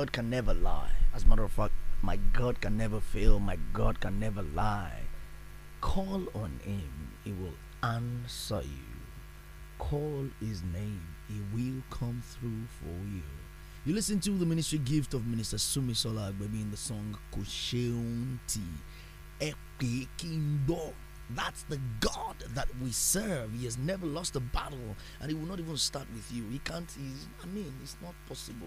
God can never lie. As a matter of fact, my God can never fail. My God can never lie. Call on Him, He will answer you. Call His name, He will come through for you. You listen to the ministry gift of Minister Sumi Sola Agbebi in the song Kosheunti Epe Kingdom. That's the God that we serve. He has never lost a battle, and He will not even start with you. He can't. He's, I mean, it's not possible.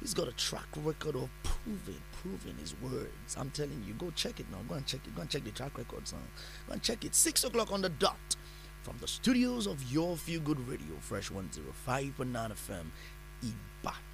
He's got a track record of proving, proving His words. I'm telling you, go check it now. Go and check it. Go and check the track record, son. Go and check it. Six o'clock on the dot. From the studios of Your Feel Good Radio, Fresh One Zero Five Banana FM,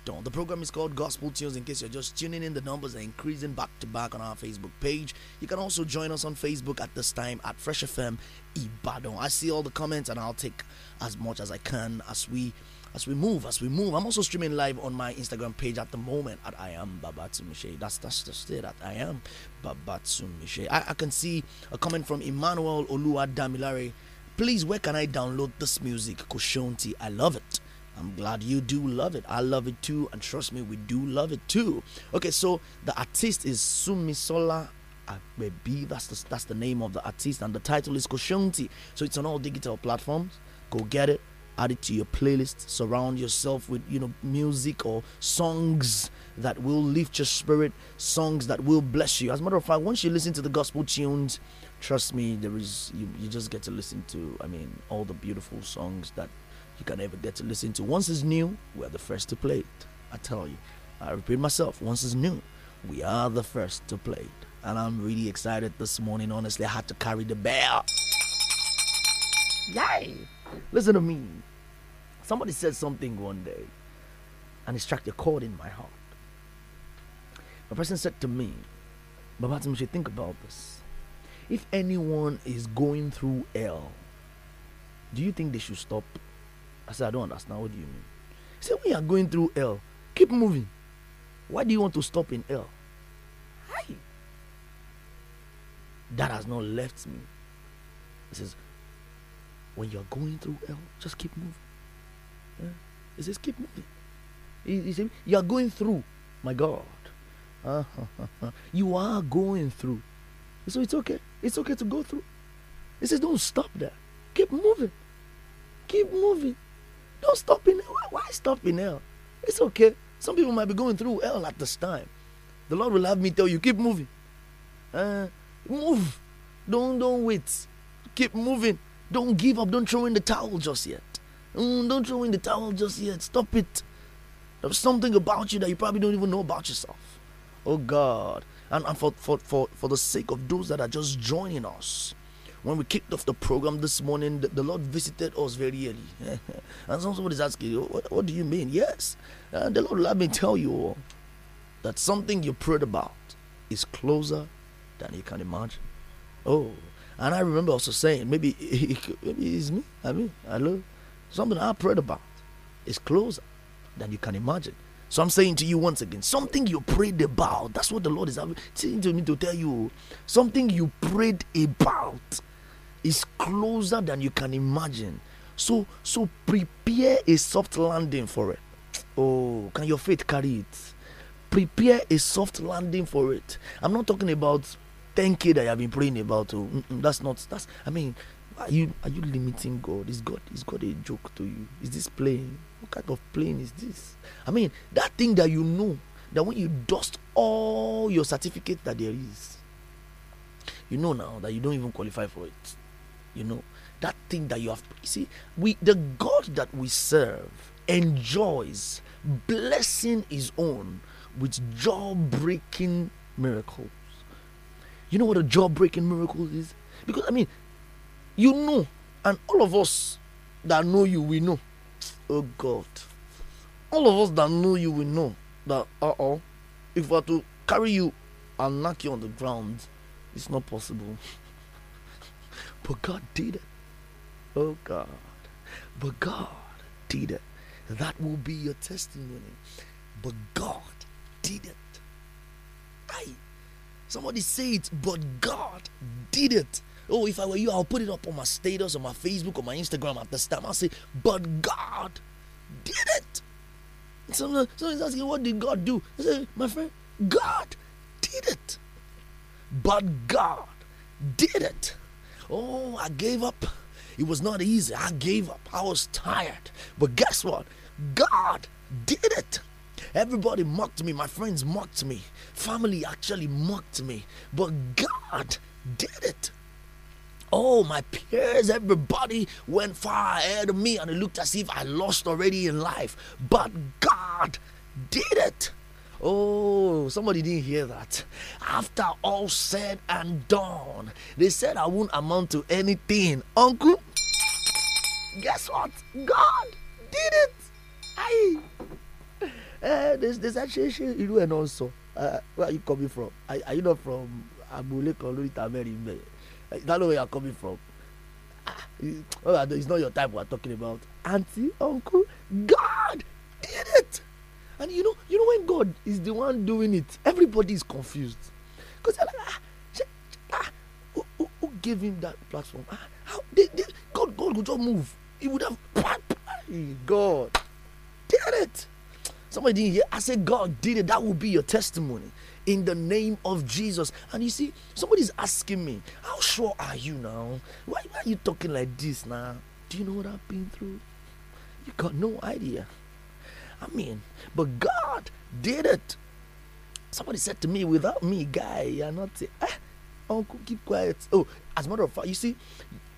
Dawn. The program is called Gospel Tunes. In case you're just tuning in, the numbers are increasing back to back on our Facebook page. You can also join us on Facebook at this time at Fresh FM Ibadan. I see all the comments and I'll take as much as I can as we as we move, as we move. I'm also streaming live on my Instagram page at the moment at I am Babatsumishe. That's that's just it. At I am Babatsumishe. I, I can see a comment from Emmanuel Olua Damilare. Please, where can I download this music? Koshonti, I love it. I'm glad you do love it. I love it too, and trust me, we do love it too. Okay, so the artist is Sumisola Agbebi. That's the, that's the name of the artist, and the title is Koshonti. So it's on all digital platforms. Go get it. Add it to your playlist. Surround yourself with you know music or songs that will lift your spirit, songs that will bless you. As a matter of fact, once you listen to the gospel tunes, trust me, there is you, you just get to listen to. I mean, all the beautiful songs that you can never get to listen to. Once it's new, we're the first to play it. I tell you. I repeat myself, once it's new, we are the first to play it. And I'm really excited this morning. Honestly, I had to carry the bell. Yay! Listen to me. Somebody said something one day, and it struck a chord in my heart. A person said to me, Babatim, you should think about this. If anyone is going through hell, do you think they should stop I said, I don't understand. What do you mean? He said, When you are going through hell, keep moving. Why do you want to stop in hell? Hi. That has not left me. He says, When you're going through hell, just keep moving. Yeah? He says, Keep moving. He, he said, You're going through, my God. you are going through. So it's okay. It's okay to go through. He says, Don't stop there. Keep moving. Keep moving. Don't stop in hell. Why stop in hell? It's okay. Some people might be going through hell at this time. The Lord will have me tell you, keep moving. Uh, move. Don't don't wait. Keep moving. Don't give up. Don't throw in the towel just yet. Mm, don't throw in the towel just yet. Stop it. There's something about you that you probably don't even know about yourself. Oh God. And, and for, for, for, for the sake of those that are just joining us, when we kicked off the program this morning, the, the Lord visited us very early. and somebody is asking, what, what do you mean? Yes, And the Lord let me tell you all that something you prayed about is closer than you can imagine. Oh, and I remember also saying, maybe, maybe it's me. I mean, hello, something I prayed about is closer than you can imagine. So I'm saying to you once again, something you prayed about. That's what the Lord is saying to me to tell you. Something you prayed about is closer than you can imagine. So so prepare a soft landing for it. Oh, can your faith carry it? Prepare a soft landing for it. I'm not talking about 10k that you have been praying about. Oh, that's not that's I mean, are you are you limiting God? Is God is God a joke to you? Is this playing? What kind of playing is this? I mean, that thing that you know that when you dust all your certificates that there is, you know now that you don't even qualify for it you know that thing that you have you see we the god that we serve enjoys blessing his own with jaw-breaking miracles you know what a jaw-breaking miracle is because i mean you know and all of us that know you we know oh god all of us that know you we know that uh-oh if i are to carry you and knock you on the ground it's not possible but God did it. Oh God. But God did it. That will be your testimony. But God did it. Aye. Somebody say it, but God did it. Oh, if I were you, I'll put it up on my status, on my Facebook, on my Instagram at this time. I'll say, but God did it. Somebody's asking, what did God do? I say, my friend, God did it. But God did it. Oh, I gave up. It was not easy. I gave up. I was tired. But guess what? God did it. Everybody mocked me. My friends mocked me. Family actually mocked me. But God did it. Oh, my peers, everybody went far ahead of me and it looked as if I lost already in life. But God did it. Oh, somebody didn't hear that. After all said and done, they said I won't amount to anything. Uncle, guess what? God did it. I. Uh, they, they said, she, she, you know, and also, uh, where are you coming from? Are, are you not from Abule Kolorita Merinbe? Eh, that know where you're coming from. Ah, oh, it's not your time we're talking about. Auntie, uncle, God did it. And you know, you know when God is the one doing it, everybody is confused. Because like, ah, ah, who, who, who, gave him that platform? Ah, how they, they, God, God would just move. He would have God did it. Somebody didn't hear. I said, God did it. That will be your testimony in the name of Jesus. And you see, somebody's asking me, How sure are you now? Why, why are you talking like this now? Do you know what I've been through? You got no idea. I mean, but God did it. Somebody said to me, without me, guy, you're not. Ah, uncle, keep quiet. Oh, as a matter of fact, you see,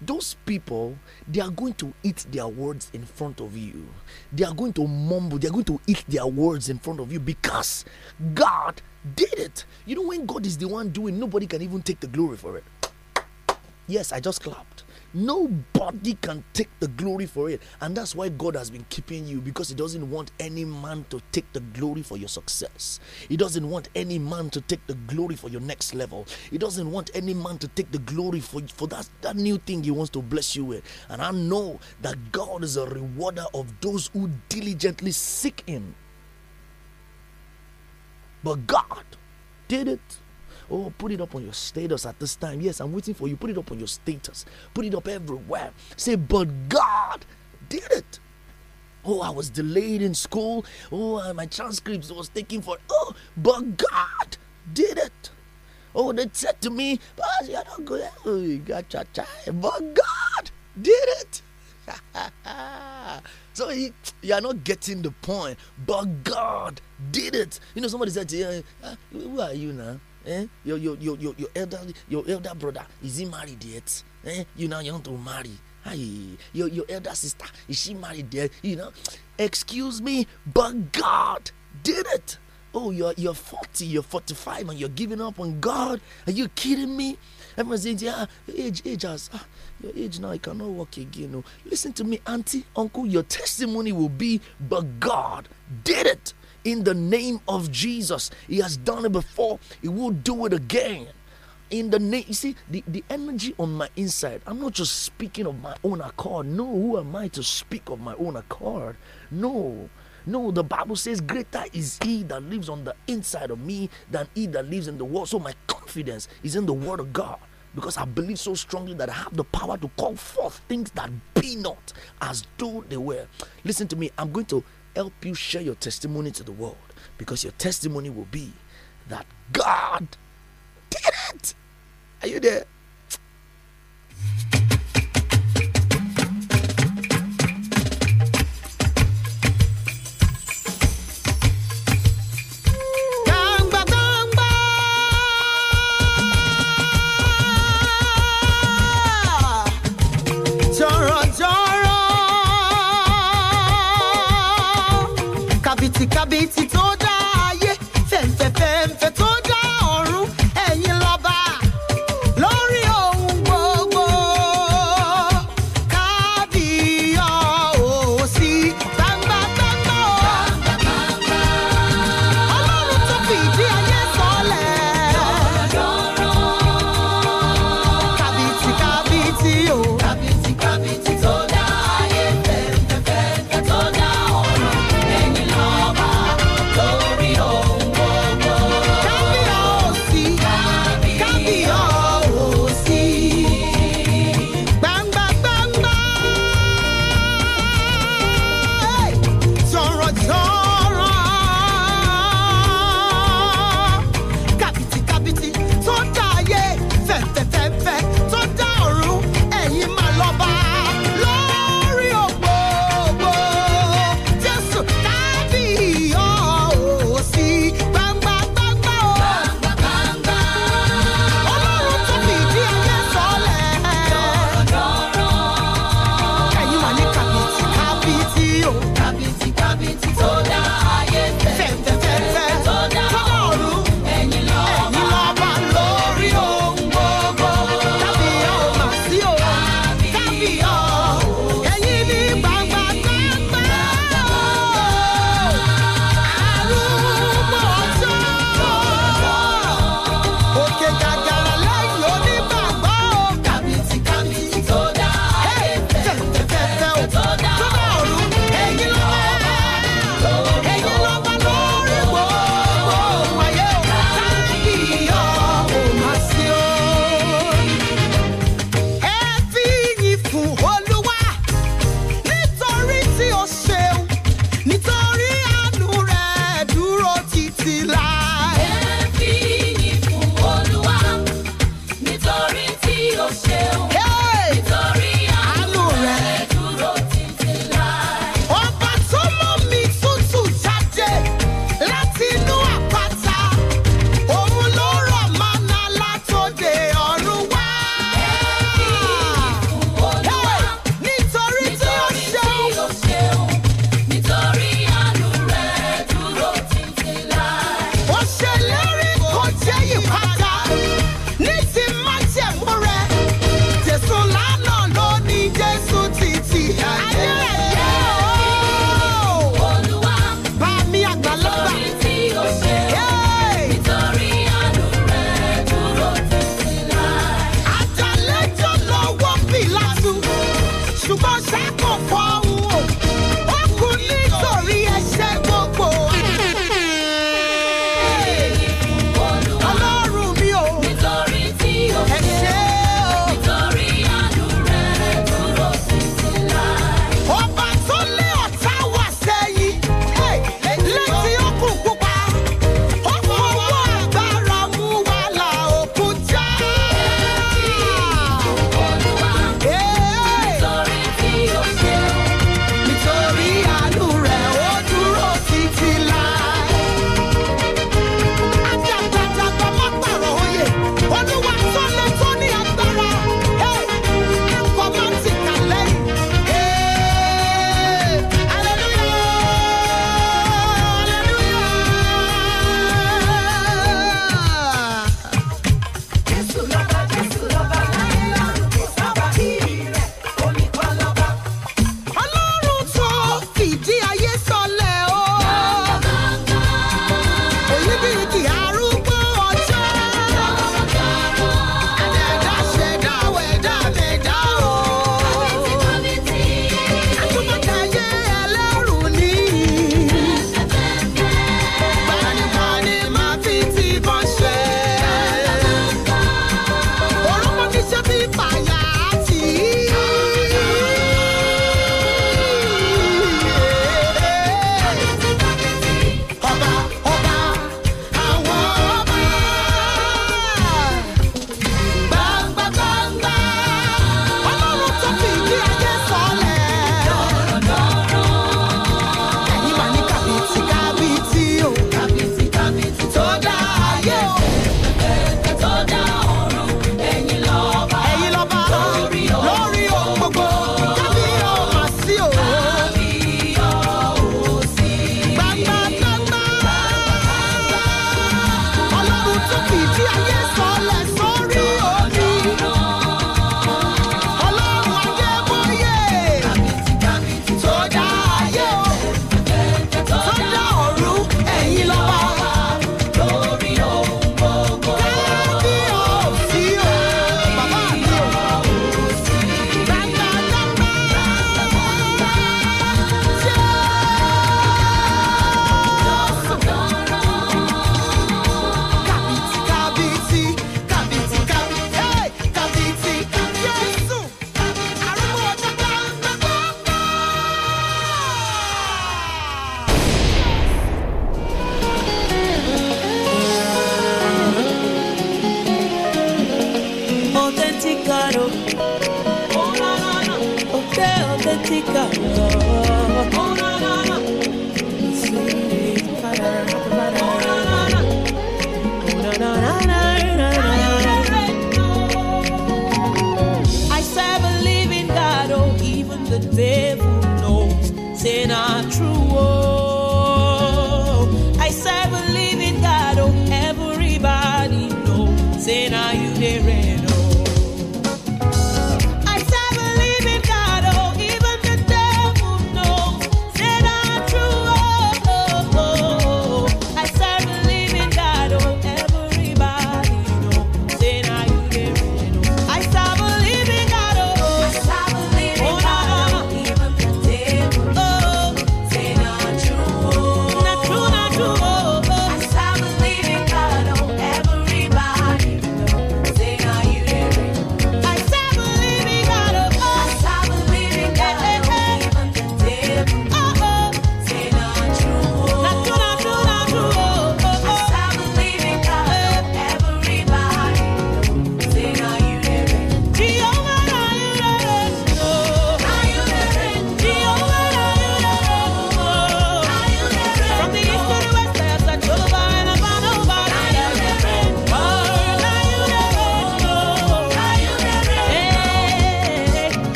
those people, they are going to eat their words in front of you. They are going to mumble. They are going to eat their words in front of you because God did it. You know, when God is the one doing, nobody can even take the glory for it. Yes, I just clapped. Nobody can take the glory for it. And that's why God has been keeping you because He doesn't want any man to take the glory for your success. He doesn't want any man to take the glory for your next level. He doesn't want any man to take the glory for, for that, that new thing He wants to bless you with. And I know that God is a rewarder of those who diligently seek Him. But God did it Oh, put it up on your status at this time. Yes, I'm waiting for you. Put it up on your status. Put it up everywhere. Say, but God did it. Oh, I was delayed in school. Oh, uh, my transcripts was taking for. Oh, but God did it. Oh, they said to me, but you're not good. Oh, you got your cha. But God did it. so you, you are not getting the point. But God did it. You know, somebody said to you, uh, Who are you now? Eh? Your, your, your, your, your, elder, your elder brother, is he married yet? Eh? You now you want to marry. Hey, your, your elder sister, is she married yet? You know, excuse me, but God did it. Oh, you're, you're 40, you're 45, and you're giving up on God. Are you kidding me? Everyone says, yeah, age, age has, ah, your age now, you cannot walk again. No. Oh. Listen to me, auntie, uncle, your testimony will be, but God did it in the name of Jesus. He has done it before, He will do it again. In the name, you see, the, the energy on my inside, I'm not just speaking of my own accord. No, who am I to speak of my own accord? No, no, the Bible says, Greater is he that lives on the inside of me than he that lives in the world. So my confidence is in the word of God because I believe so strongly that I have the power to call forth things that be not as though they were. Listen to me, I'm going to help you share your testimony to the world because your testimony will be that God did it. Are you there?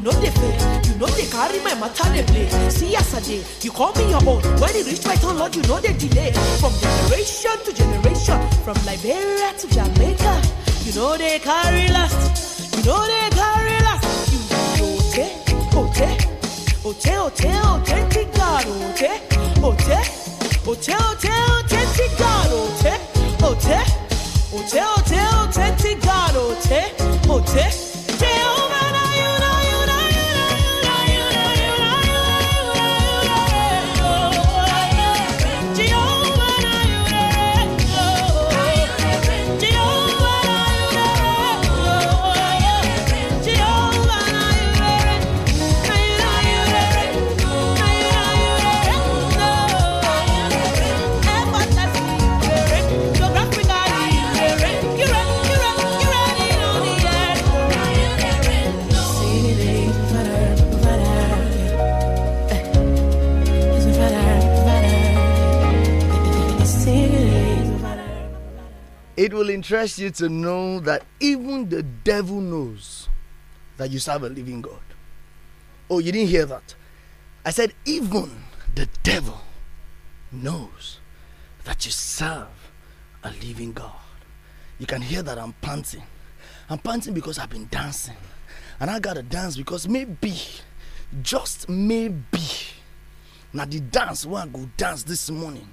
you know they fail. You know they carry my matter they play. See yesterday, you call me your own. When you reach my turn, Lord, you know they delay. From generation to generation, from Liberia to Jamaica, you know they carry last. You know they carry last. You ote, ote, ote, ote, authentic God, ote, ote, ote, ote, authentic God, ote, ote, ote, ote, authentic God, ote, ote, ote It will interest you to know that even the devil knows that you serve a living God. Oh, you didn't hear that. I said, even the devil knows that you serve a living God. You can hear that I'm panting. I'm panting because I've been dancing. And I gotta dance because maybe, just maybe, now the dance where I go dance this morning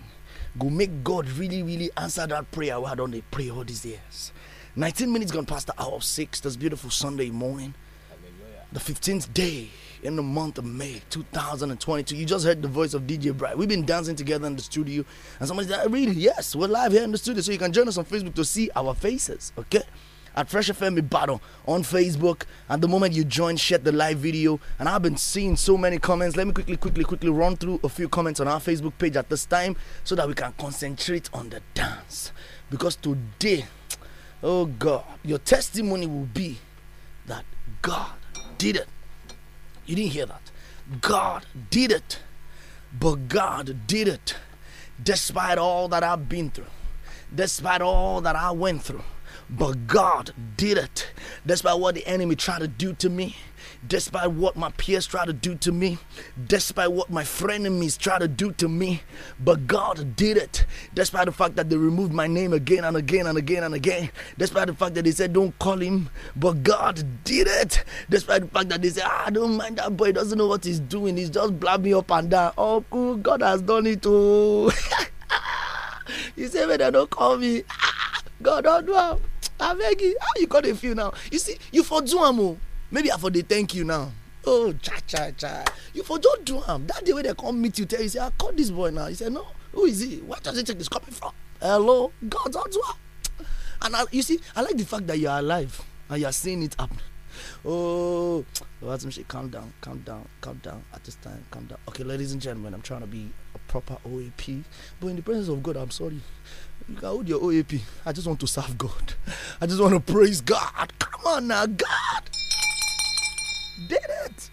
go make God really, really answer that prayer we had on the prayer all these years. 19 minutes gone past the hour of 6, this beautiful Sunday morning. Hallelujah. The 15th day in the month of May 2022. You just heard the voice of DJ Bright. We've been dancing together in the studio, and somebody said, Really? Yes, we're live here in the studio, so you can join us on Facebook to see our faces, okay? at Fresh FM Battle on Facebook. At the moment you join, share the live video. And I've been seeing so many comments. Let me quickly, quickly, quickly run through a few comments on our Facebook page at this time so that we can concentrate on the dance. Because today, oh God, your testimony will be that God did it. You didn't hear that. God did it. But God did it despite all that I've been through, despite all that I went through but God did it. Despite what the enemy tried to do to me, despite what my peers tried to do to me, despite what my frenemies tried to do to me, but God did it. Despite the fact that they removed my name again and again and again and again, despite the fact that they said, Don't call him, but God did it. Despite the fact that they said, I ah, don't mind that boy, doesn't know what he's doing, he's just blabbing up and down. Oh, God has done it too. you say, When they don't call me, God don't know abeg how you come dey feel now you see you for do am o maybe i for dey thank you now oh cha cha cha you for just do am that day wey dem come meet you tell you say i ah, call this boy now you say no who is he where does he think this coming from hello god odua and I, you see i like the fact that you are alive and you are seeing it happen oh Owatumse calm down calm down calm down at this time calm down okay ladies and gentlemen i'm trying to be a proper oap but in the presence of god i'm sorry you can hold your OAP. I just want to serve God. I just want to praise God. Come on now, God. Did it.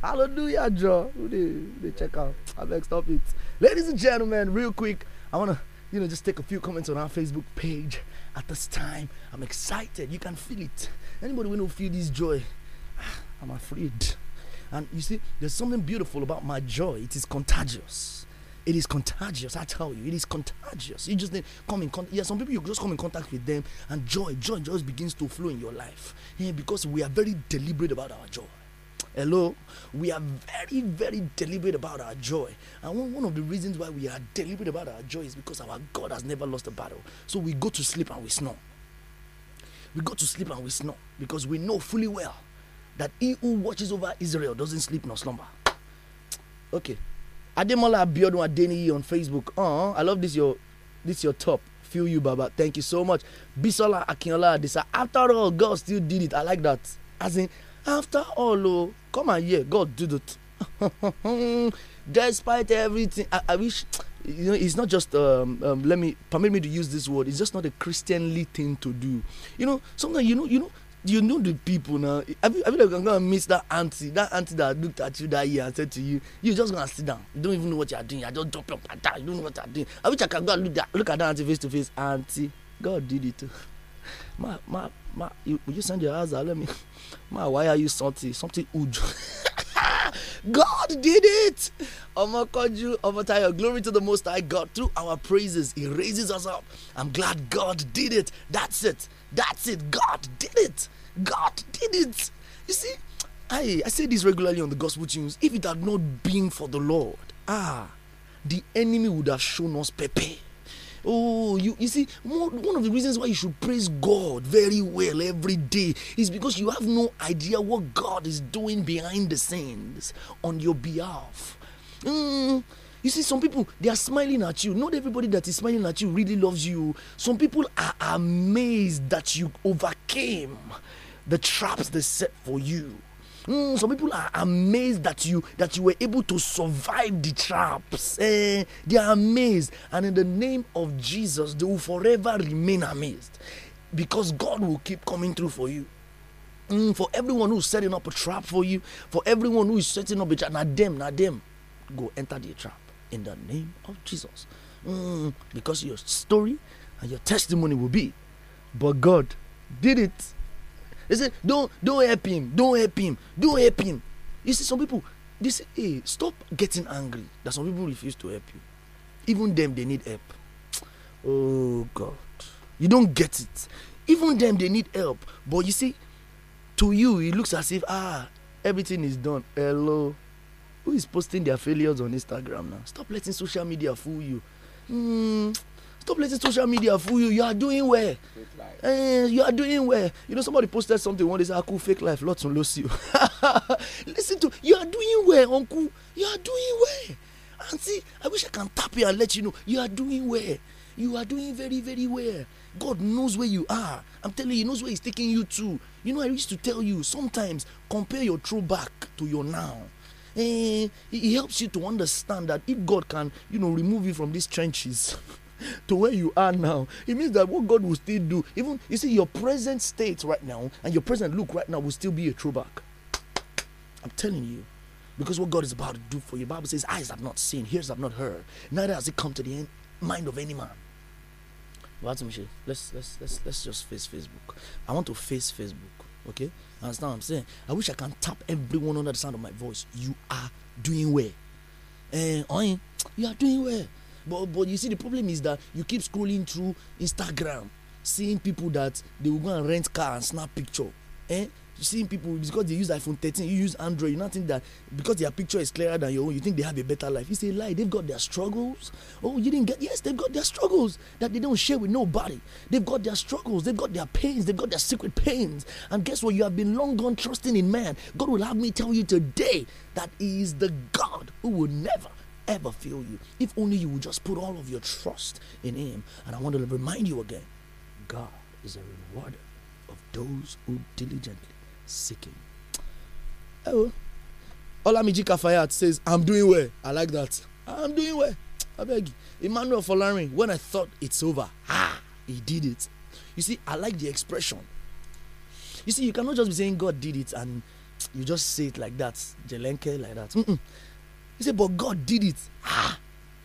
Hallelujah, Joe. Who they, they check out? I beg, stop it. Ladies and gentlemen, real quick, I want to, you know, just take a few comments on our Facebook page at this time. I'm excited. You can feel it. Anybody who don't feel this joy, ah, I'm afraid. And you see, there's something beautiful about my joy. It is contagious. It is contagious, I tell you. It is contagious. You just need come in contact. Yeah, some people you just come in contact with them and joy, joy just begins to flow in your life. Yeah, because we are very deliberate about our joy. Hello, we are very, very deliberate about our joy. And one, one of the reasons why we are deliberate about our joy is because our God has never lost a battle. So we go to sleep and we snore. We go to sleep and we snore because we know fully well that he who watches over Israel doesn't sleep nor slumber. Okay, Ademola Abiodun Adeniyi on Facebook. Oh, I love this your this your top. Feel you, Baba. Thank you so much. Bisola Akinola Adisa. After all, God still did it. I like that. As in, after all, oh, come and hear, God did it. Despite everything, I, I, wish you know it's not just um, um, let me permit me to use this word. It's just not a Christianly thing to do. You know, sometimes you know you know you know the people now I feel like I'm ever gonna miss that aunty that Auntie that looked at you that year and said to you you just gonna sit down you don't even know what you are doing you are just jumping up and down you don't know what you are doing i wish i can go and look, that, look at that Auntie face to face Auntie, god did it too. ma ma ma you, you send your house out let me ma why are you salty something uju. God did it. Omokoju, Omotayo, glory to the Most High God. Through our praises, He raises us up. I'm glad God did it. That's it. That's it. God did it. God did it. You see, I, I say this regularly on the gospel tunes. If it had not been for the Lord, ah, the enemy would have shown us Pepe. Oh, you, you see, one of the reasons why you should praise God very well every day is because you have no idea what God is doing behind the scenes on your behalf. Mm. You see, some people they are smiling at you. Not everybody that is smiling at you really loves you. Some people are amazed that you overcame the traps they set for you. Mm, some people are amazed that you that you were able to survive the traps. Eh, they are amazed, and in the name of Jesus, they will forever remain amazed, because God will keep coming through for you. Mm, for everyone who's setting up a trap for you, for everyone who is setting up a trap, now them, now them, go enter the trap in the name of Jesus, mm, because your story and your testimony will be, but God did it. They say, don't don't help him, don't help him, don't help him. You see, some people they say, hey, stop getting angry. That some people refuse to help you. Even them they need help. Oh God. You don't get it. Even them they need help. But you see, to you it looks as if ah everything is done. Hello. Who is posting their failures on Instagram now? Stop letting social media fool you. Mm, Stop letting social media fool you. You are doing well. Uh, you are doing well. You know, somebody posted something one day said, Uncle, fake life, lots and lots you. Listen to you are doing well, Uncle. You are doing well. Auntie, I wish I can tap you and let you know you are doing well. You are doing very, very well. God knows where you are. I'm telling you, He knows where He's taking you to. You know, I used to tell you sometimes compare your true back to your now. Eh, it helps you to understand that if God can, you know, remove you from these trenches. to where you are now. It means that what God will still do, even you see, your present state right now and your present look right now will still be a throwback. I'm telling you. Because what God is about to do for you, Bible says, eyes have not seen, ears have not heard, neither has it come to the end, mind of any man. Let's let's let's let's just face Facebook. I want to face Facebook. Okay? Understand what I'm saying? I wish I can tap everyone under the sound of my voice. You are doing well. Uh, you are doing well. But but you see, the problem is that you keep scrolling through Instagram, seeing people that they will go and rent car and snap picture. Eh? Seeing people because they use iPhone 13, you use Android, you not think that because their picture is clearer than your own, you think they have a better life. You say lie. They've got their struggles. Oh, you didn't get yes, they've got their struggles that they don't share with nobody. They've got their struggles, they've got their pains, they've got their secret pains. And guess what? You have been long gone trusting in man. God will have me tell you today that He is the God who will never ever fail you if only you would just put all of your trust in Him. And I want to remind you again God is a rewarder of those who diligently seek Him. Eh, oh, Olamiji Kafayat says, I'm doing well. I like that. I'm doing well. I beg you. Emmanuel Folarin, when I thought it's over, ah, he did it. You see, I like the expression. You see, you cannot just be saying God did it and you just say it like that, Jelenke, like that. Mm -mm. he said but God did it ah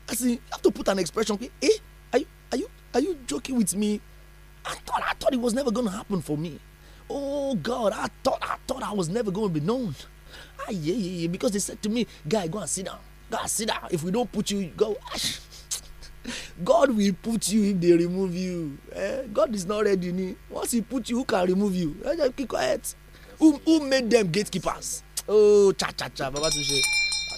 as in you have to put an expression pé eh are you are you are you joking with me I thought I thought it was never gonna happen for me oh God I thought I thought I was never gonna be known ah yeah yeah yeah because they said to me guy go and sit down go and sit down if we don't put you go ash God will put you if they remove you eh God is not ready ni once he put you who can remove you eh just keep quiet who who made them gatekeepers oh cha cha cha baba tun ṣe.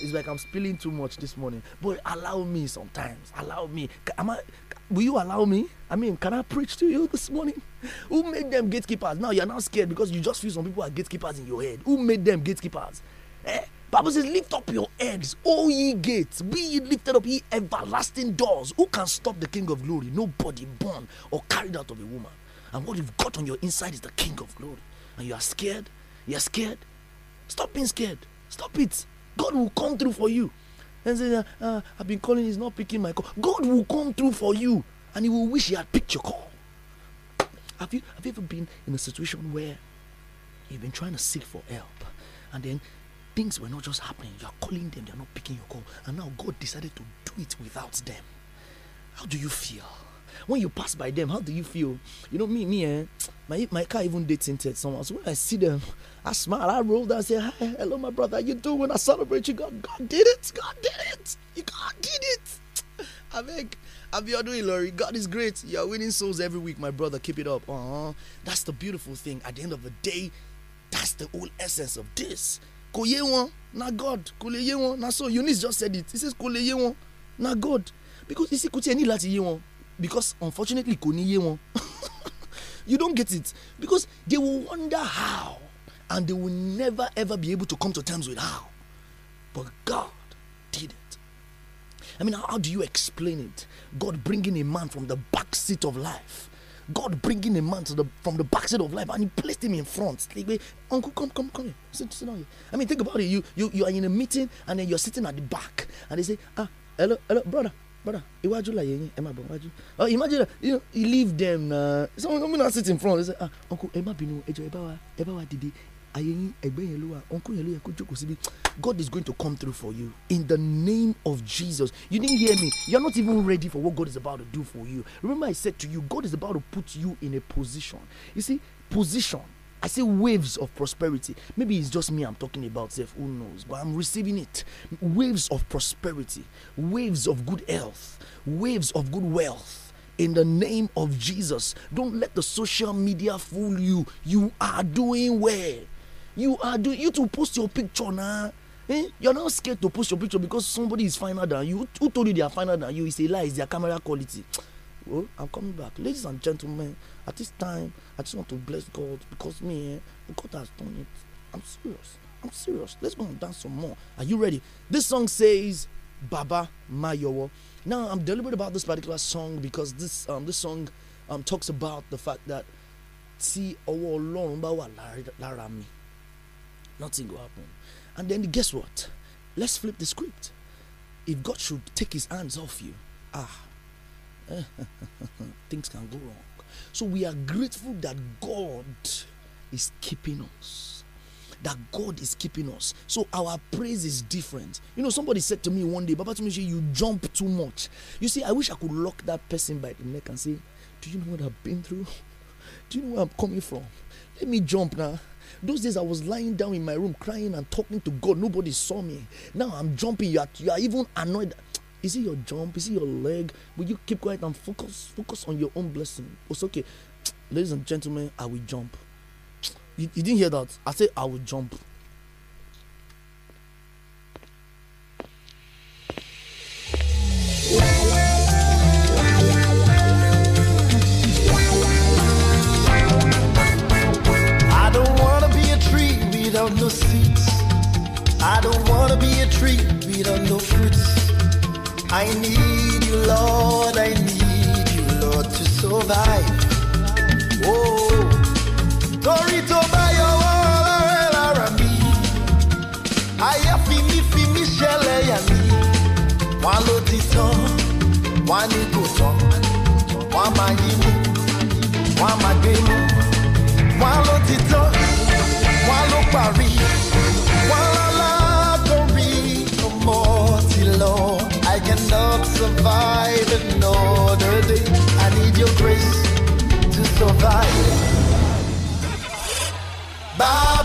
it's like I'm spilling too much this morning. But allow me sometimes. Allow me. Am I? Will you allow me? I mean, can I preach to you this morning? Who made them gatekeepers? Now you're now scared because you just feel some people are gatekeepers in your head. Who made them gatekeepers? Eh? Bible says, Lift up your heads, O ye gates, be ye lifted up, ye everlasting doors. Who can stop the King of glory? Nobody born or carried out of a woman. And what you've got on your inside is the King of glory. And you are scared, you're scared. Stop being scared. Stop it. God will come through for you. And say, uh, uh, I've been calling, he's not picking my call. God will come through for you and he will wish he had picked your call. Have you, have you ever been in a situation where you've been trying to seek for help and then things were not just happening? You're calling them, they're not picking your call. And now God decided to do it without them. How do you feel? when you pass by them how do you feel you know me me eh my my car even dey tinted someone so when i see them i smile i roll down say hi hello my brother you do when i celebrate you god god did it god did it you god did it abeg abiodun ilori god is great you are winning souls every week my brother keep it up uh-huh. that's the beautiful thing at the end of the day that's the whole essence of this kò yé wọn na god kò lè yé wọn na so eunice just said it he says kò lè yé wọn na god because isi kuti tiẹ̀ ní láti yé wọn because unfortunately kò ní yé wọn you don't get it because they will wonder how and they will never ever be able to come to terms with how but God did it I mean how, do you explain it God bringing a man from the back seat of life God bringing a man the, from the seat of life and he placed him in front. Like, Uncle, come, come, come here. Sit, sit down here. I mean, think about it. You, you, you are in a meeting and then you're sitting at the back and they say, ah, hello, hello, brother brother iwájú làyè yín ẹ má bọ̀ iwájú imagine you know you leave them na uh, someone someone na sit in front say ah uncle ẹ má bínú ẹ jọ̀ọ́ ẹ bá wa ẹ bá wa dìde àyè yín ẹgbẹ́ yẹn ló wà uncle yẹn ló yẹ kó jókòó síbi God is going to come through for you in the name of Jesus you didn't hear me you are not even ready for what God is about to do for you remember I said to you God is about to put you in a position you see position I see waves of prosperity. Maybe it's just me I'm talking about, self, who knows? But I'm receiving it. Waves of prosperity, waves of good health, waves of good wealth in the name of Jesus. Don't let the social media fool you. You are doing well. You are doing you to post your picture now. Eh? You're not scared to post your picture because somebody is finer than you. Who told you they are finer than you? It's a lie, it's their camera quality. I'm coming back. Ladies and gentlemen, at this time, I just want to bless God because me, eh, God has done it. I'm serious. I'm serious. Let's go and dance some more. Are you ready? This song says Baba Mayowo. Now I'm deliberate about this particular song because this um this song um talks about the fact that tí ọwọ́ Ọlọ́run bá wà nothing will happen and then guess what let's flip the script if God should take his hands off you ah things can go wrong. So we are grateful that God is keeping us. That God is keeping us. So our praise is different. You know, somebody said to me one day, Baba Tumishi, you jump too much. You see, I wish I could lock that person by the neck and say, Do you know what I've been through? Do you know where I'm coming from? Let me jump now. Those days I was lying down in my room crying and talking to God. Nobody saw me. Now I'm jumping. You are, you are even annoyed. Is it your jump? Is it your leg? Will you keep quiet and focus? Focus on your own blessing. It's okay. Ladies and gentlemen, I will jump. You, you didn't hear that. I said I will jump. I don't wanna be a tree without no seeds. I don't wanna be a tree without no fruits. I need you, Lord. I need you, Lord, to survive. Oh, Tori Tobayo, Lara mi. Aya fimi fimi ṣẹlẹ̀ Yami, mí. Wọ́n ló ti tán, wọ́n ní kò tán. Wọ́n máa yí mú, wọ́n máa Bye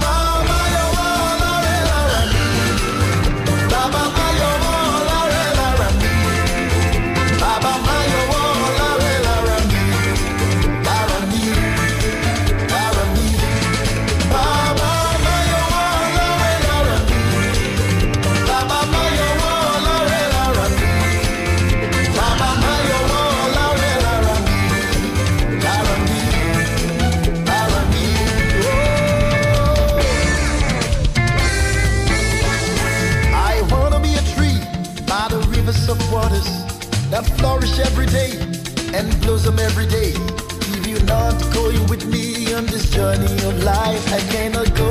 bye. them every day. Leave you now to go with me on this journey of life. I cannot go.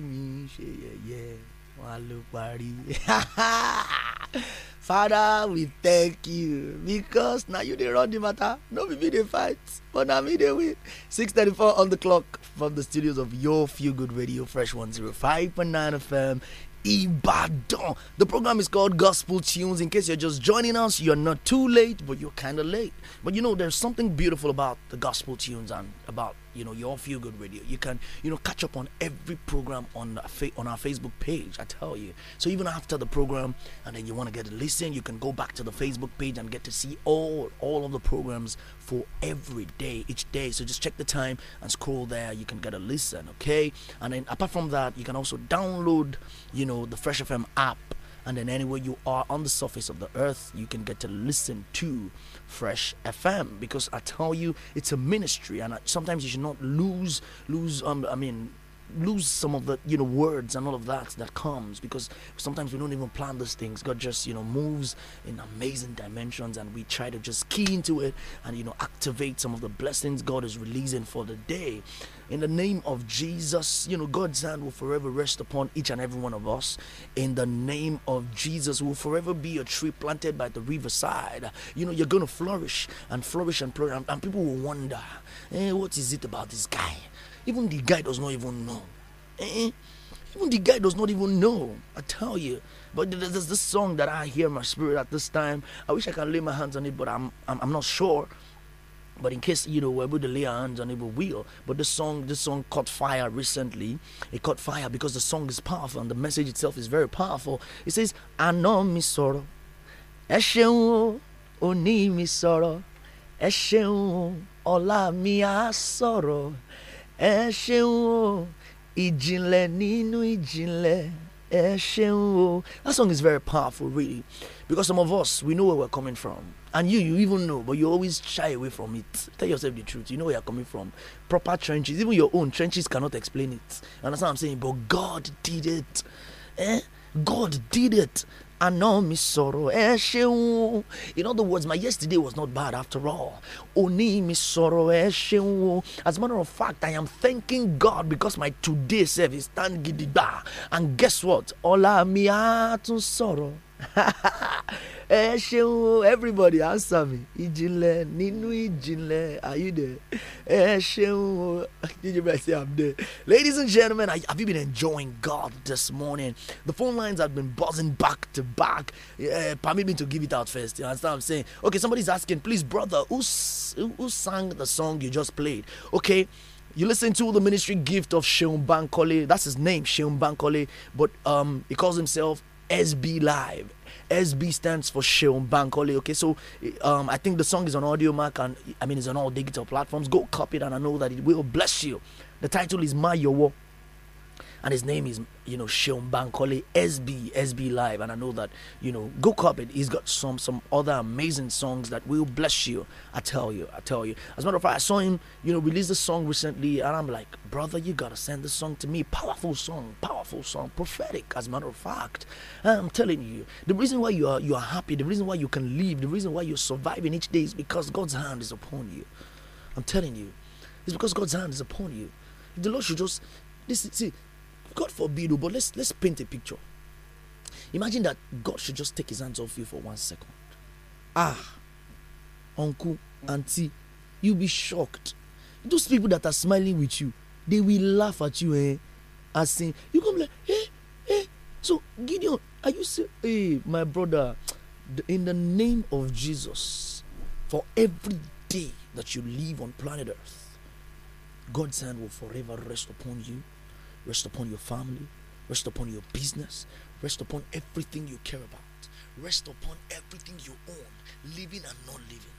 mi ṣe yẹ̀yẹ́ wọn ló parí. father we thank you because na you dey run the matter no be me dey fight but na me dey win six thirty-four on the clock from the studios of your feel good radio fresh one zero oh five point nine fm Ibadan. The program is called Gospel Tunes. In case you're just joining us, you're not too late, but you're kind of late. But you know, there's something beautiful about the Gospel Tunes and about you know your feel good radio you can you know catch up on every program on uh, on our facebook page i tell you so even after the program and then you want to get a listen you can go back to the facebook page and get to see all all of the programs for every day each day so just check the time and scroll there you can get a listen okay and then apart from that you can also download you know the fresh fm app and then anywhere you are on the surface of the earth you can get to listen to Fresh FM because I tell you it's a ministry and I, sometimes you should not lose lose um, I mean lose some of the you know words and all of that that comes because sometimes we don't even plan those things god just you know moves in amazing dimensions and we try to just key into it and you know activate some of the blessings god is releasing for the day in the name of Jesus, you know, God's hand will forever rest upon each and every one of us. In the name of Jesus, will forever be a tree planted by the riverside. You know, you're going to flourish and flourish and flourish, and, and people will wonder, eh, what is it about this guy? Even the guy does not even know. Eh? Even the guy does not even know. I tell you. But there's this song that I hear in my spirit at this time. I wish I can lay my hands on it, but I'm, I'm, I'm not sure. But in case you know we're able to lay our hands on it, we will. But this song, this song caught fire recently. It caught fire because the song is powerful and the message itself is very powerful. It says, "I know mi soro, ẹ ṣeun o, òní mi sọ̀rọ̀, ẹ o, ọ̀la mi á sọ̀rọ̀, ẹ ṣeun o, ìjìnlẹ̀ nínú ìjìnlẹ̀." That song is very powerful, really, because some of us we know where we're coming from, and you you even know, but you always shy away from it. Tell yourself the truth. You know where you're coming from. Proper trenches, even your own trenches cannot explain it. Understand what I'm saying? But God did it. Eh? God did it àná mi sọ̀rọ̀ ẹ ṣeun in other words my yesterday was not bad after all òní mi sọ̀rọ̀ ẹ ṣeun o as a matter of fact I am thanking God because my today service is stand gidigba and guess what ọ̀la mi á tún sọ̀rọ̀ ẹ eh, ṣeun everybody answer me ìjìnlẹ̀ nínú ìjìnlẹ̀ are you there ẹ ṣeun dj bryce say i'm there ladies and gentlemen have you been enjoying god this morning the phone lines have been buzzing back to back Yeah, permit me to give it out first you understand what i'm saying okay somebody's asking please brother who, who sang the song you just played okay you listen to the ministry gift of Sheun Bankole. That's his name, Sheun Bankole. But um, he calls himself SB Live. SB stands for Sheon Bankole. Okay, so um, I think the song is on Audio Mac and I mean it's on all digital platforms. Go copy it, and I know that it will bless you. The title is My War and his name is you know Sean Bankole SB SB Live, and I know that you know go copy it. He's got some some other amazing songs that will bless you. I tell you, I tell you. As a matter of fact, I saw him you know release a song recently, and I'm like, brother, you gotta send this song to me. Powerful song, powerful song, prophetic. As a matter of fact, I'm telling you, the reason why you are you are happy, the reason why you can live, the reason why you're surviving each day is because God's hand is upon you. I'm telling you, it's because God's hand is upon you. the Lord should just this see God forbid, oh, but let's let's paint a picture. Imagine that God should just take his hands off you for one second. Ah, uncle, auntie, you'll be shocked. Those people that are smiling with you, they will laugh at you, eh? As saying, you come like, eh, eh. So, Gideon, are you saying, hey, eh, my brother, in the name of Jesus, for every day that you live on planet Earth, God's hand will forever rest upon you Rest upon your family. Rest upon your business. Rest upon everything you care about. Rest upon everything you own, living and non living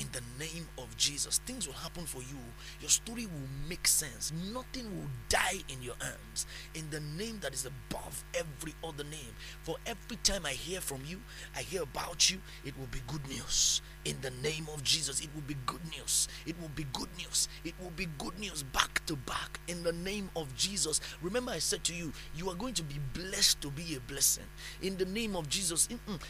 in the name of Jesus. Things will happen for you. Your story will make sense. Nothing will die in your arms. In the name that is above every other name. For every time I hear from you, I hear about you, it will be good news. In the name of Jesus, it will be good news. It will be good news. It will be good news back to back. In the name of Jesus. Remember, I said to you, you are going to be blessed to be a blessing. In the name of Jesus.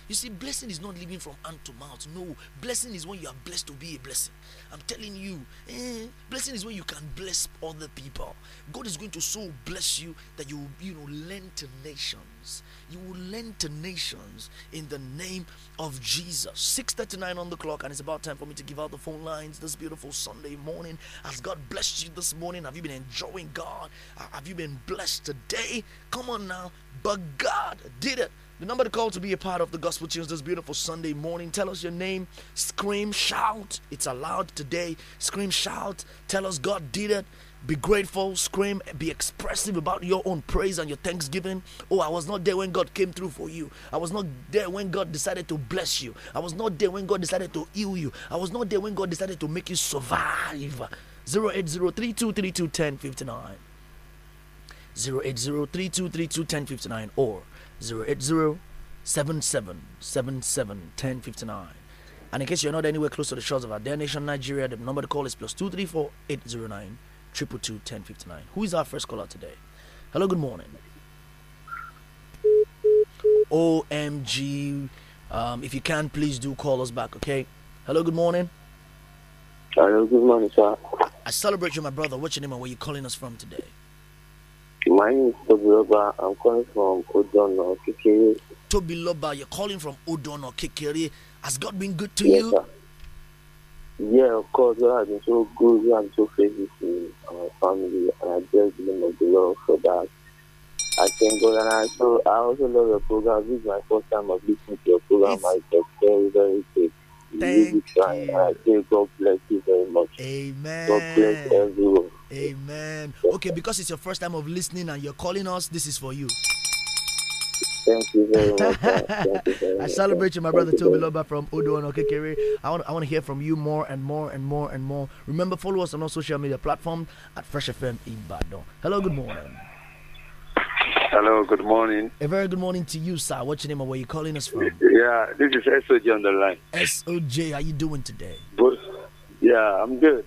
You see, blessing is not living from hand to mouth. No, blessing is when you are blessed blessed to be a blessing. I'm telling you, eh, blessing is when you can bless other people. God is going to so bless you that you you know lend to nations. You will lend to nations in the name of Jesus. 6:39 on the clock, and it's about time for me to give out the phone lines this beautiful Sunday morning. Has God blessed you this morning? Have you been enjoying God? Have you been blessed today? Come on now, but God did it. The number to call to be a part of the Gospel Tunes this beautiful Sunday morning. Tell us your name. Scream, shout. It's allowed today. Scream, shout. Tell us God did it. Be grateful, scream, be expressive about your own praise and your thanksgiving. Oh, I was not there when God came through for you. I was not there when God decided to bless you. I was not there when God decided to heal you. I was not there when God decided to make you survive. 08032321059. 08032321059 or 080-7777-1059. And in case you're not anywhere close to the shores of our dear nation, Nigeria, the number to call is plus 234-809-222-1059. Who is our first caller today? Hello, good morning. OMG. Um, if you can, please do call us back, okay? Hello, good morning. Hello, good morning, sir. I celebrate you, my brother. What's your name and where you calling us from today? My name is Tobiloba. I'm calling from Odono, Kikere. Tobiloba, you're calling from Odono, Kikere. Has God been good to yes, you? Sir. Yeah, of course. God has been so good. God has been so faithful to my family. And I just give him the Lord for that. I thank God. And I also, I also love your program. This is my first time of listening to your program. It's... I very, very safe. Thank you. I say God bless you very much. Amen. God bless everyone. Amen. Okay, because it's your first time of listening and you're calling us, this is for you. Thank you very much. I celebrate you, my brother Toby Loba from Udo and Okekere. I want, I want to hear from you more and more and more and more. Remember, follow us on our social media platforms at Fresh FM Ibadan. Hello, good morning. Hello, good morning. A very good morning to you, sir. What's your name and where you calling us from? Yeah, this is SOJ on the line. SOJ, how you doing today? Good, yeah, I'm good.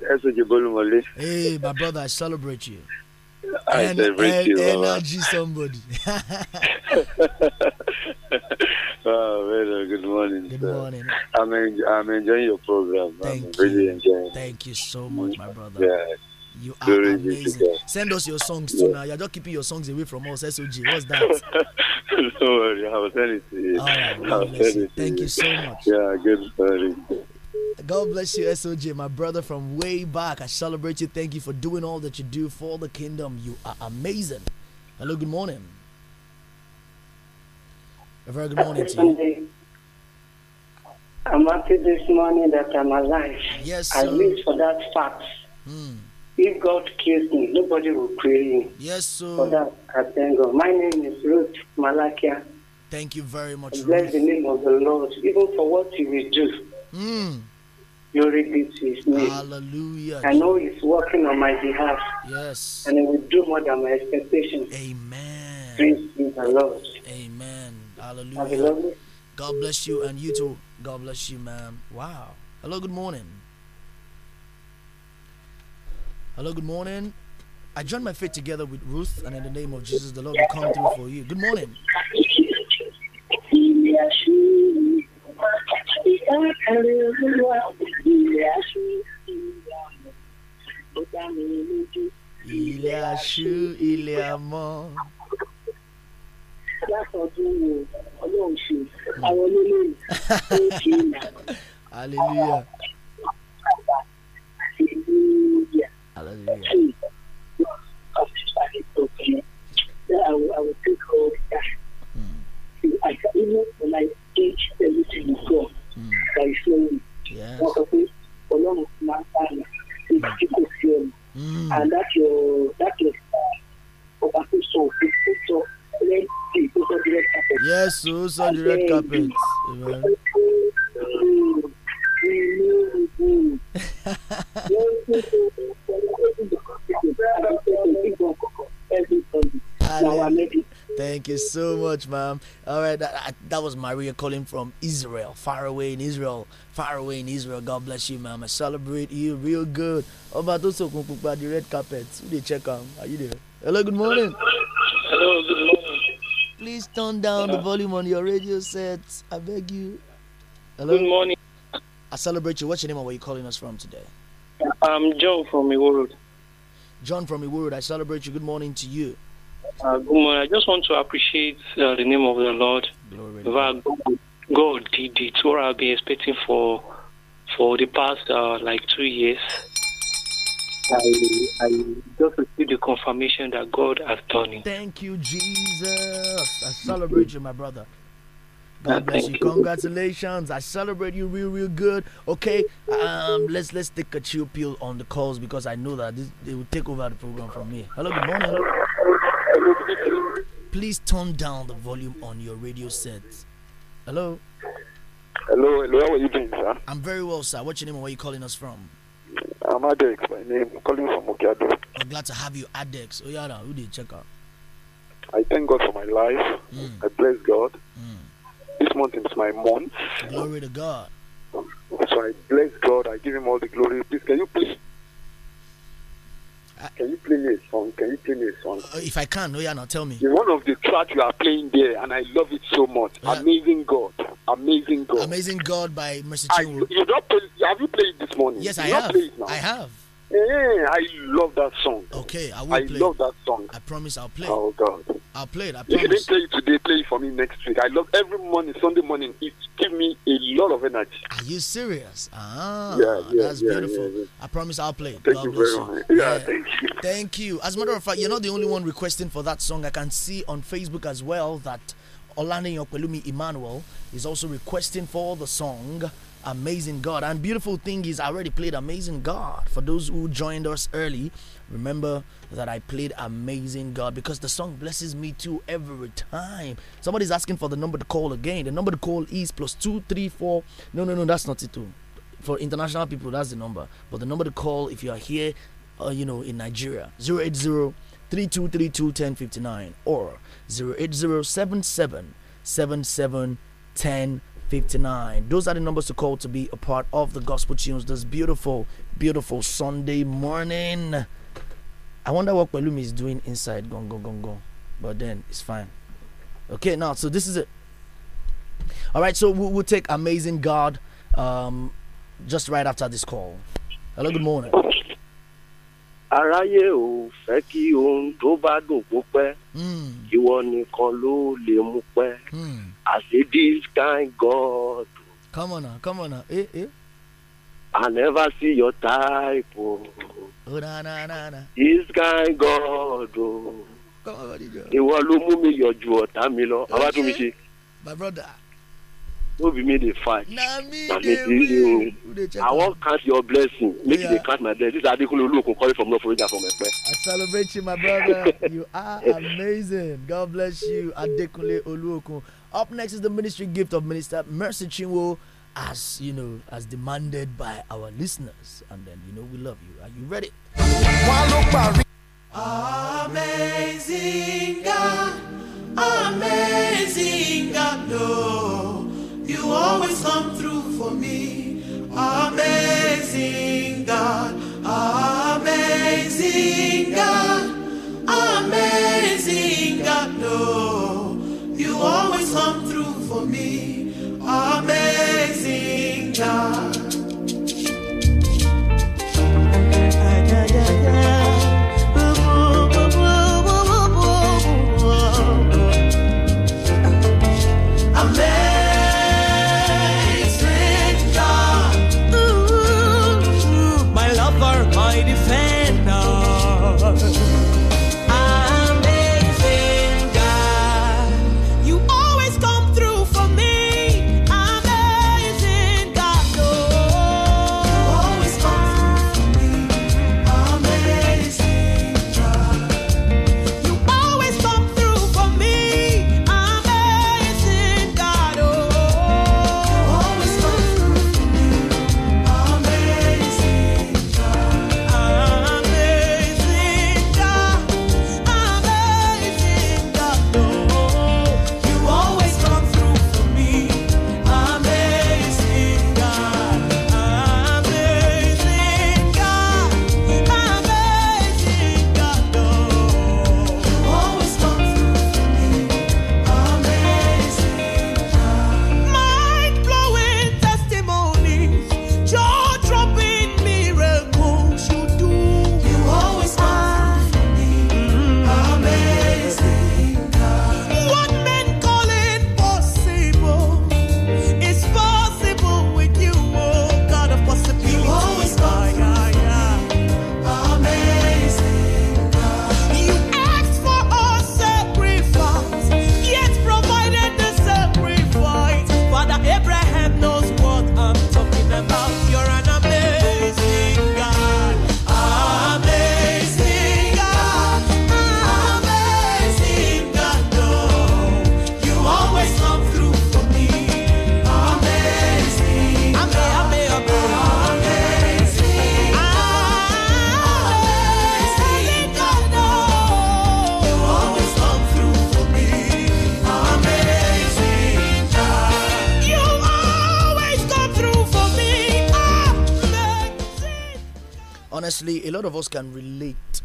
Hey, my brother, I celebrate you. I and, celebrate you, energy somebody. oh, well, uh, good morning. Good sir. morning. I'm, en- I'm enjoying your program. Thank I'm you. really enjoying. Thank you so much, my brother. Yeah. You are Very amazing. Difficult. Send us your songs too yeah. now. You're just keeping your songs away from us, SOG. What's that? Don't worry, I'll send it to you. right, I'll send it Thank you. you so much. Yeah, good morning. God bless you, SOJ, my brother from way back. I celebrate you. Thank you for doing all that you do for the kingdom. You are amazing. Hello, good morning. A very good morning to you. I'm happy this morning that I'm alive. Yes, sir. I live for that fact. Mm. If God kills me, nobody will kill me. Yes, sir. For that, I thank God. My name is Ruth Malakia. Thank you very much. Bless Ruth. the name of the Lord, even for what He will do. Mm during this his name. Hallelujah. I know he's working on my behalf. Yes. And he will do more than my expectations. Amen. Praise the Lord. Amen. Hallelujah. God bless you and you too. God bless you, ma'am. Wow. Hello, good morning. Hello, good morning. I joined my faith together with Ruth, and in the name of Jesus, the Lord will come through for you. Good morning. olúwa ilé aṣú ó dá mi lójú. ilé aṣú hallelujah. Hmm ka iṣẹ́ yìí wọ́n sọ pé ọlọ́run máa ń pààyàn níbi tí kò sí ọ̀nà mm. and that your that your ọba tó sọ òfin tó sọ lẹ́yìn tó sọ direct carpet. yes o sọ direct carpet. Mm. Mm. Mm. Thank you so much, ma'am. All right, that, that was Maria calling from Israel, far away in Israel, far away in Israel. God bless you, ma'am. I celebrate you real good. Oba Toso Kumpukpa, the red carpet. Who they check on? Are you there? Hello, good morning. Hello, good morning. Please turn down yeah. the volume on your radio set. I beg you. Hello. Good morning. I celebrate you. What's your name and where you calling us from today? I'm Joe from Iworod. John from Iworod, I celebrate you. Good morning to you. Uh, good morning. I just want to appreciate uh, the name of the Lord. God, God did it. What I've been expecting for for the past uh, like two years. I, I just received the confirmation that God has done it. Thank you, Jesus. I celebrate you, my brother. Uh, God bless you. Congratulations. I celebrate you real, real good. Okay, um, let's let's take a chill pill on the calls because I know that this, they will take over the program from me. Hello, good morning. Hello. Please turn down the volume on your radio set. Hello. Hello, hello. How are you doing, sir? I'm very well, sir. What's your name and where are you calling us from? I'm Adex. My name. I'm calling from Okiado. I'm glad to have you, Adex. Oyara, who did check out? I thank God for my life. Mm. I bless God. Mm. This month is my month. Glory to God. So I bless God. I give Him all the glory. Please, can you please can you play me a song? Can you play me a song? Uh, if I can, no, oh yeah, now tell me. In one of the tracks you are playing there, and I love it so much. Yeah. Amazing God, Amazing God, Amazing God by Mr. Chinwo. You not play? Have you played this morning? Yes, you I have. I have. Yeah, mm, I love that song. Okay, I will I play. love that song. I promise I'll play. Oh God, I'll play it. I promise. If they play it today, play it for me next week. I love every morning, Sunday morning. It gives me a lot of energy. Are you serious? Ah, yeah, yeah that's yeah, beautiful. Yeah, I promise I'll play. Thank God you very you. much. Yeah, thank you. Thank you. As a matter of fact, you're not the only one requesting for that song. I can see on Facebook as well that Olaniyan Pelumi Emmanuel is also requesting for the song. Amazing God. And beautiful thing is, I already played Amazing God. For those who joined us early, remember that I played Amazing God because the song blesses me too every time. Somebody's asking for the number to call again. The number to call is plus two three four. No, no, no, that's not it. Too. For international people, that's the number. But the number to call if you are here, uh, you know, in Nigeria, 080 3232 1059 or 080 77 77 10 59. Those are the numbers to call to be a part of the Gospel Tunes this beautiful, beautiful Sunday morning. I wonder what Pelumi is doing inside. Gong, gong, gong, gong. But then it's fine. Okay, now, so this is it. All right, so we'll, we'll take Amazing God um, just right after this call. Hello, good morning. aráyé ò fẹ́ kí ohun tó bá dùn kó pẹ́ hmm. ìwọ nìkan ló lè mú pẹ́ àṣé hmm. this kind God. come on now, come on now. eh eh. I never see your type o. Oh. oh, na, na, na, na. This kind God Oh. Ìwọ ló mú mi My brother. no be me dey fight na me dey win i wan count your blessing make you dey count my blessing this adekunle olukun calling from north florida from epe. i celebrate you my brother you are amazing god bless you adekunle olukun up next is the ministry gift of minister mercy chinwo as you know as demanded by our listeners and then you know we love you are you ready. amazing God, amazing God, no always come through for me. Amazing God. lot of us can relate.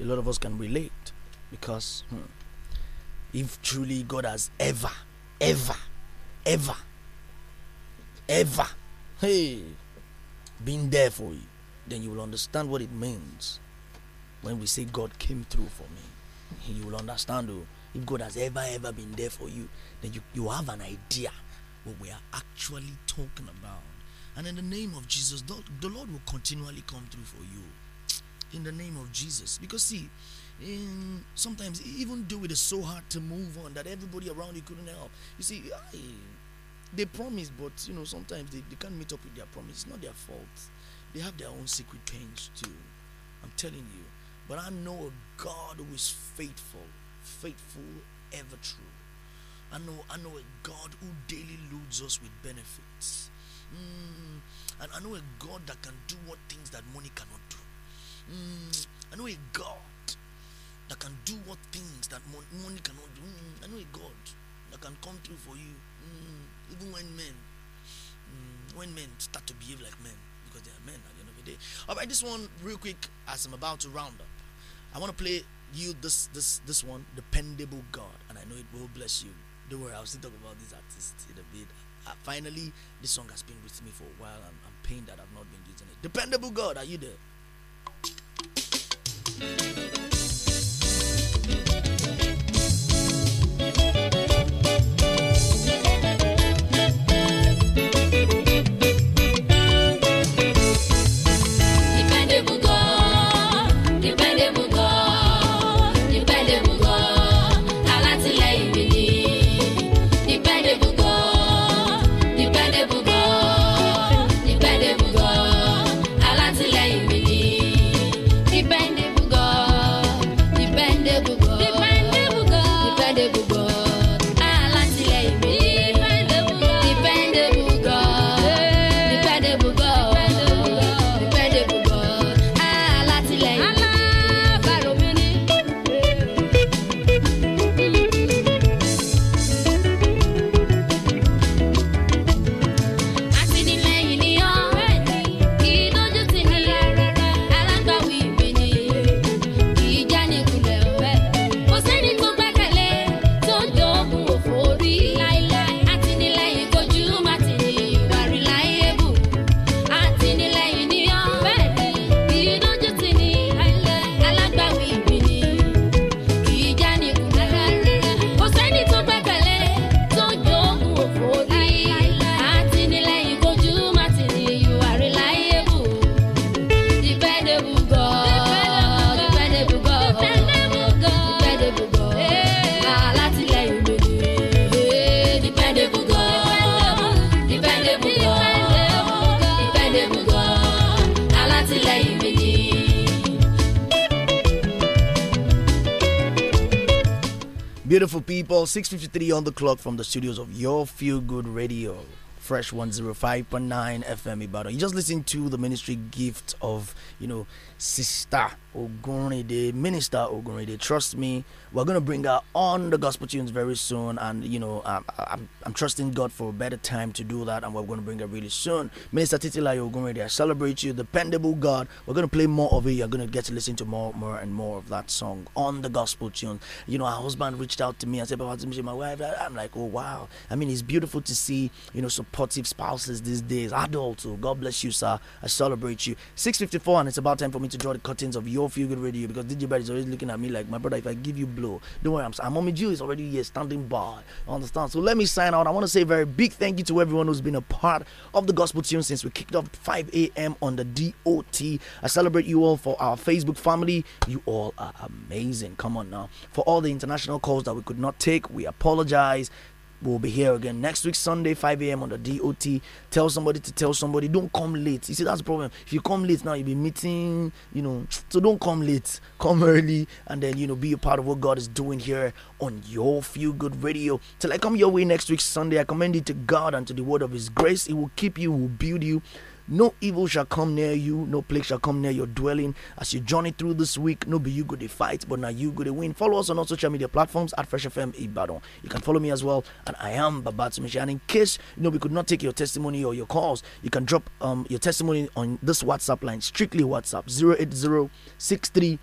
A lot of us can relate because hmm, if truly God has ever, ever, ever, ever, hey, been there for you, then you will understand what it means when we say God came through for me. You will understand oh, if God has ever, ever been there for you, then you, you have an idea what we are actually talking about. And in the name of Jesus, the Lord will continually come through for you. In the name of Jesus. Because see, in, sometimes even though it is so hard to move on that everybody around you couldn't help. You see, I, they promise, but you know, sometimes they, they can't meet up with their promise. It's not their fault. They have their own secret pains too. I'm telling you. But I know a God who is faithful, faithful, ever true. I know I know a God who daily loads us with benefits. Mm, and I know a God that can do what things that money cannot do. Mm, I know a God that can do what things that money cannot do. Mm, I know a God that can come through for you, mm. even when men, mm, when men start to behave like men, because they are men at the end of the day. All right, this one real quick as I'm about to round up. I want to play you this this this one, dependable God, and I know it will bless you. Don't worry, I'll still talk about these artists in a bit finally, this song has been with me for a while. and I'm pained that I've not been using it. Dependable God, are you there? 6.53 on the clock from the studios of Your Feel Good Radio. Fresh 105.9 FM Ibadan. You just listen to the ministry gift of, you know, sister Ogunride, Minister Ogunride. Trust me, we're going to bring her on the gospel tunes very soon. And, you know, I'm, I'm, I'm, trusting God for a better time to do that. And we're going to bring her really soon. Minister Titilayo Ogunride, I celebrate you, dependable God. We're going to play more of it. You're going to get to listen to more, more and more of that song on the gospel tune. You know, her husband reached out to me and said, Papa, my wife. I'm like, oh, wow. I mean, it's beautiful to see, you know, supportive spouses these days. Adults, too. Oh, God bless you, sir. I celebrate you. 6.54 and it's about time for me to draw the curtains of your feel good radio because DJ Bad is always looking at me like, my brother, if I give you blow, don't worry, I'm, I'm Mommy Jew is already here standing by. Understand? So let me sign out. I want to say a very big thank you to everyone who's been a part of the gospel tune since we kicked off 5 a.m. on the DOT. I celebrate you all for our Facebook family. You all are amazing. Come on now. For all the international calls that we could not take, we apologize. We'll be here again next week, Sunday, 5 a.m. on the DOT. Tell somebody to tell somebody. Don't come late. You see, that's the problem. If you come late now, you'll be meeting, you know. So don't come late. Come early and then, you know, be a part of what God is doing here on your Feel Good Radio. Till I come your way next week, Sunday, I commend it to God and to the word of His grace. It will keep you, will build you. No evil shall come near you, no plague shall come near your dwelling. As you journey through this week, no be you go to fight, but now you go to win. Follow us on all social media platforms at Fresh FM Ibadan. You can follow me as well, and I am Babatsumishi. And in case you know we could not take your testimony or your calls, you can drop um, your testimony on this WhatsApp line, strictly WhatsApp 080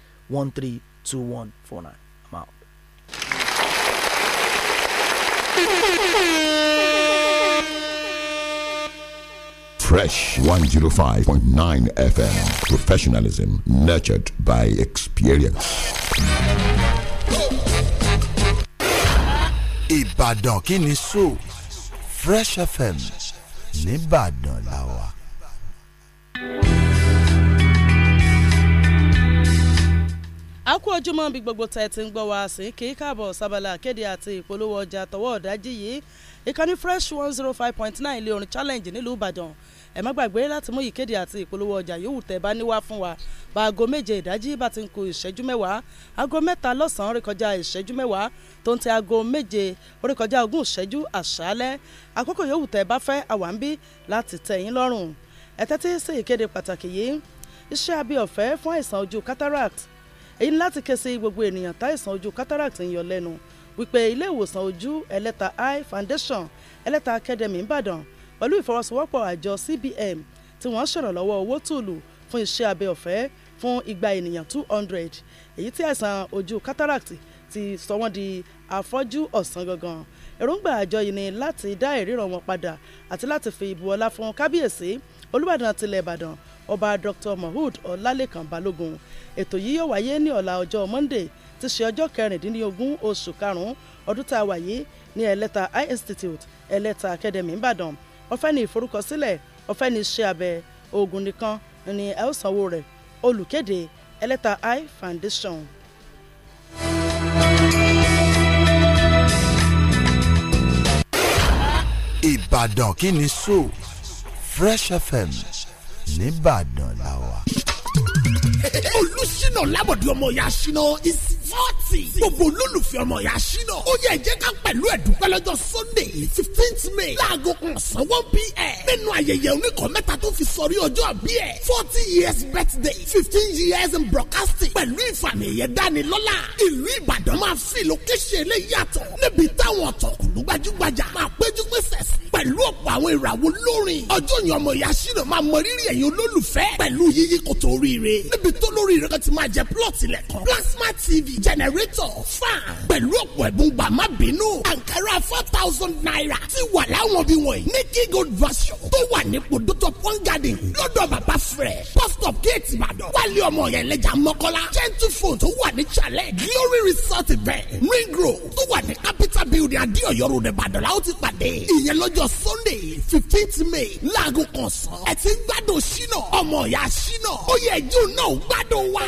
2149. Fresh 105.9 FM. Professionalism nurtured by experience. Ìbàdàn kí ni so Fresh FM nìbàdàn làwà. a kú ojúmọ́ bí gbogbo tẹ̀ ti ń gbọ́ wá sí kí káàbọ̀ sábàlá kéde àti ìpolówó ọjà tọwọ́ ọ̀dájú yìí ìkànnì Fresh one zero oh five point nine ilé orin challenge nílùú Ìbàdàn ẹ má gbàgbé láti mú ìkéde àti ìpolówó ọjà yòówù tẹ́ bá níwá fún wa bá aago méje ìdájí bá ti ń ku ìṣẹ́jú mẹ́wàá aago mẹ́ta lọ́sàn-án rékọjá ìṣẹ́jú mẹ́wàá tó ń ti aago méje rékọjá ogún ìṣẹ́jú àṣálẹ́ àkókò yòówù tẹ́ bá fẹ́ àwa ń bí láti tẹ́ yín lọ́rùn ẹ tẹ́tí sí ìkéde pàtàkì yìí iṣẹ́ abẹ ọ̀fẹ́ fún àìsàn ojú cataract èyí láti ké sí gbogbo ènìyàn táìsàn ojú cataract ń yọ lẹ́nu wípé ilé ìwòsàn ojú ẹlẹ́ta eye foundation ẹlẹ́ta academy ìbàdàn pẹ̀lú ìfọwọ́sowọ́pọ̀ àjọ CBN tí wọ́n ṣèrànlọ́wọ́ owó tùlù fún iṣẹ́ abẹ ọ̀fẹ́ fún igba ènìyàn two hundred èyí tí àìsàn ojú cataract ti sọ wọ́n di afọ́jú ọ̀sán gangan èròǹgbà àjọ yìí ni láti dá ìríran wọn padà àti láti fi ìbú ọlá fún kábíyèsí olúbàdàn tilẹ̀ ìbàdàn ọba dr mahood ọlálẹ́kan balógun ètò yìí yóò wáyé ní ọ̀la ọjọ́ monday ti ṣe ọjọ́ kẹrìndínlógún oṣù karùn-ún ọdún tá a wà yìí ní ẹlẹ́ta high institute ẹlẹ́ta academy ìbàdàn ọ̀fẹ́ ní ìforúkọsílẹ̀ ọ̀fẹ́ ní iṣẹ́ abẹ oògùn nìkan ni ẹ ó sanwó rẹ̀ olùkéde ẹlẹ́ta eye foundation. ìbàdàn kí ni so fresh fm nìbàdàn làwà. olùsínà lábọ̀dé ọmọ ìyá síná ìsìn forty. gbogbo olólùfẹ́ ọmọ ìyá ṣínà ó yẹ ìjẹ́ ká pẹ̀lú ẹ̀dúpẹ́ lọ́jọ́ sunday fifteenth may láago kan ọ̀sán one pm nínú ayẹyẹ oníkọ̀ mẹ́ta tó fi sọrí ọjọ́ bí ẹ̀ forty years birthday fifteen years in broadcasting pẹ̀lú ìfàmì ẹ̀yẹ dánilọ́lá ìlú ìbàdàn máa fi lókèṣe eléyàtọ̀ níbi táwọn ọ̀tọ̀kùlú gbajúgbajà máa péjú pésẹ̀ sí pẹ̀lú ọ̀pọ̀ àwọn ìràwọ̀ lórin ọjọ́ yẹn ọmọ ìyá ṣínà máa mọ rírì ẹ̀yin olólùfẹ́ pẹ̀lú yíyí kòtò oríire níbi tó lórí rẹ̀ ti máa jẹ plọ̀tì lẹ̀kọ́ plasma tv jẹnẹrétọ̀ fan pẹ̀lú ọ̀pọ̀ ẹ̀bùn gbàmá bínú àǹkárá four thousand naira ti wà láwọn bí wọ̀nyí ní kí gold version tó wà ní podoto pond garden lọ́dọ̀ bàbá fresh bus stop gate ìbàdàn wálé ọmọ yẹn lẹ́jà mọ́kọ́lá gentle phone tó wà ní challenge glory resort event ring road tó wà ní capital building adéọ̀yọ́ road ìbàdàn làwọn ti pàdé ìyẹn lọ́jọ́ sunday fifteenth may láago kan sàn ẹ̀ ti ń gbádùn ṣínà ọmọ ìyá ṣínà ó yẹ ìjọ náà gbádùn wa.